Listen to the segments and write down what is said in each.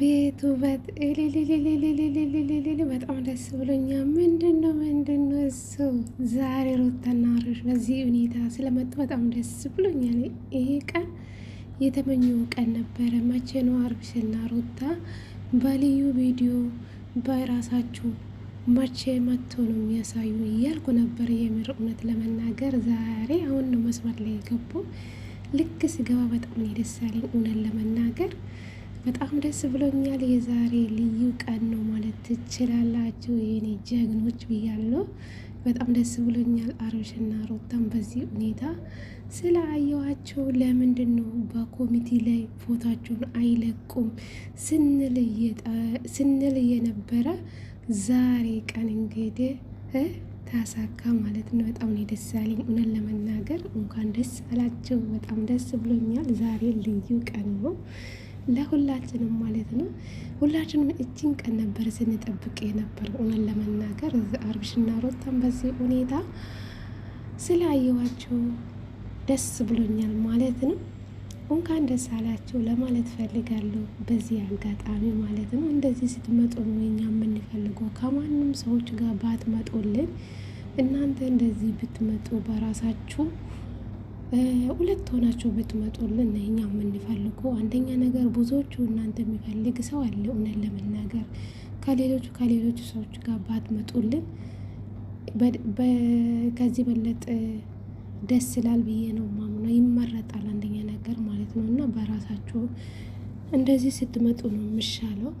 አቤት ውበት በጣም ደስ ብሎኛ። ምንድን ነው ምንድን ነው እሱ? ዛሬ ሩታና አብርሽ በዚህ ሁኔታ ስለመጡ በጣም ደስ ብሎኛ። ይሄ ቀን የተመኘ ቀን ነበረ። መቼ ነው አብርሽና ሩታ በልዩ ቪዲዮ በራሳችሁ መቼ መጥቶ ነው የሚያሳዩ እያልኩ ነበር። የምር እውነት ለመናገር ዛሬ አሁን ነው መስመር ላይ ገቡ። ልክ ስገባ በጣም ነው ደስ ያለኝ እውነት ለመናገር በጣም ደስ ብሎኛል። የዛሬ ልዩ ቀን ነው ማለት ትችላላችሁ። የኔ ጀግኖች ብያለሁ። በጣም ደስ ብሎኛል። አብርሽና ሩታን በዚህ ሁኔታ አየኋቸው ለምንድን ነው በኮሚቴ ላይ ፎታቸውን አይለቁም ስንል የነበረ ዛሬ ቀን እንግዲህ ታሳካ ማለት ነው። በጣም ነው ደስ ያለኝ። እውነት ለመናገር እንኳን ደስ አላቸው። በጣም ደስ ብሎኛል። ዛሬ ልዩ ቀን ነው። ለሁላችንም ማለት ነው። ሁላችንም እጅን ቀን ነበር ስንጠብቅ የነበረው እውነት ለመናገር አብርሽና ሩታን በዚህ ሁኔታ ስላየዋቸው ደስ ብሎኛል ማለት ነው። እንኳን ደስ አላቸው ለማለት ፈልጋለሁ። በዚህ አጋጣሚ ማለት ነው እንደዚህ ስትመጡ ነው እኛ የምንፈልገው። ከማንም ሰዎች ጋር ባትመጡልን እናንተ እንደዚህ ብትመጡ በራሳችሁ ሁለት ሆናችሁ ብትመጡልን እኛ የምንፈልጉ አንደኛ ነገር ብዙዎቹ እናንተ የሚፈልግ ሰው አለ። እውነት ለመናገር ከሌሎቹ ከሌሎቹ ሰዎች ጋር ባትመጡልን ከዚህ በለጥ ደስ ይላል ብዬ ነው ማምነው። ይመረጣል አንደኛ ነገር ማለት ነው እና በራሳችሁ እንደዚህ ስትመጡ ነው የሚሻለው።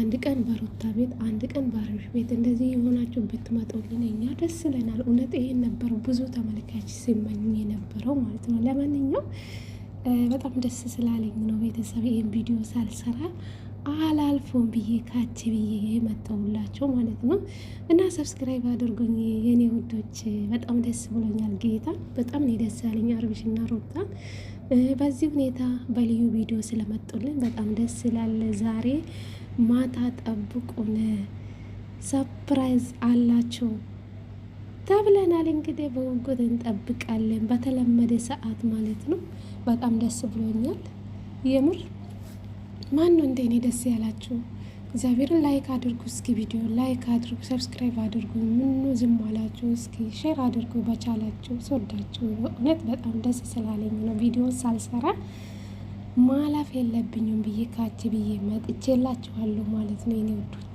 አንድ ቀን በሩታ ቤት፣ አንድ ቀን ባረሽ ቤት እንደዚህ የሆናችሁ ብትመጡልን እኛ ደስ ይለናል። እውነት ይሄን ነበር ብዙ ተመልካች ሲመኝ የነበረው ማለት ነው። ለማንኛውም በጣም ደስ ስላለኝ ነው ቤተሰብ ይህን ቪዲዮ ሳልሰራ አላልፎም ብዬ ካች ብዬ መተውላቸው ማለት ነው። እና ሰብስክራይብ አድርጎኝ የኔ ውዶች፣ በጣም ደስ ብሎኛል። ጌታ በጣም ነው ደስ ያለኝ። እና ሩታ በዚህ ሁኔታ በልዩ ቪዲዮ ስለመጡልን በጣም ደስ ይላል። ዛሬ ማታ ጠብቁን፣ ሰፕራይዝ አላቸው ተብለናል። እንግዲህ በውጎት እንጠብቃለን፣ በተለመደ ሰዓት ማለት ነው። በጣም ደስ ብሎኛል የምር ማን ነው እንደ እኔ ደስ ያላችሁ? እግዚአብሔርን ላይክ አድርጉ። እስኪ ቪዲዮ ላይክ አድርጉ፣ ሰብስክራይብ አድርጉ። ምኑ ዝም አላችሁ? እስኪ ሼር አድርጉ በቻላችሁ። ስወዳችሁ እውነት በጣም ደስ ስላለኝ ነው ቪዲዮ ሳልሰራ ማላፍ የለብኝም ብዬ ካች ብዬ መጥቼላችኋለሁ ማለት ነው የኔ ውዶች።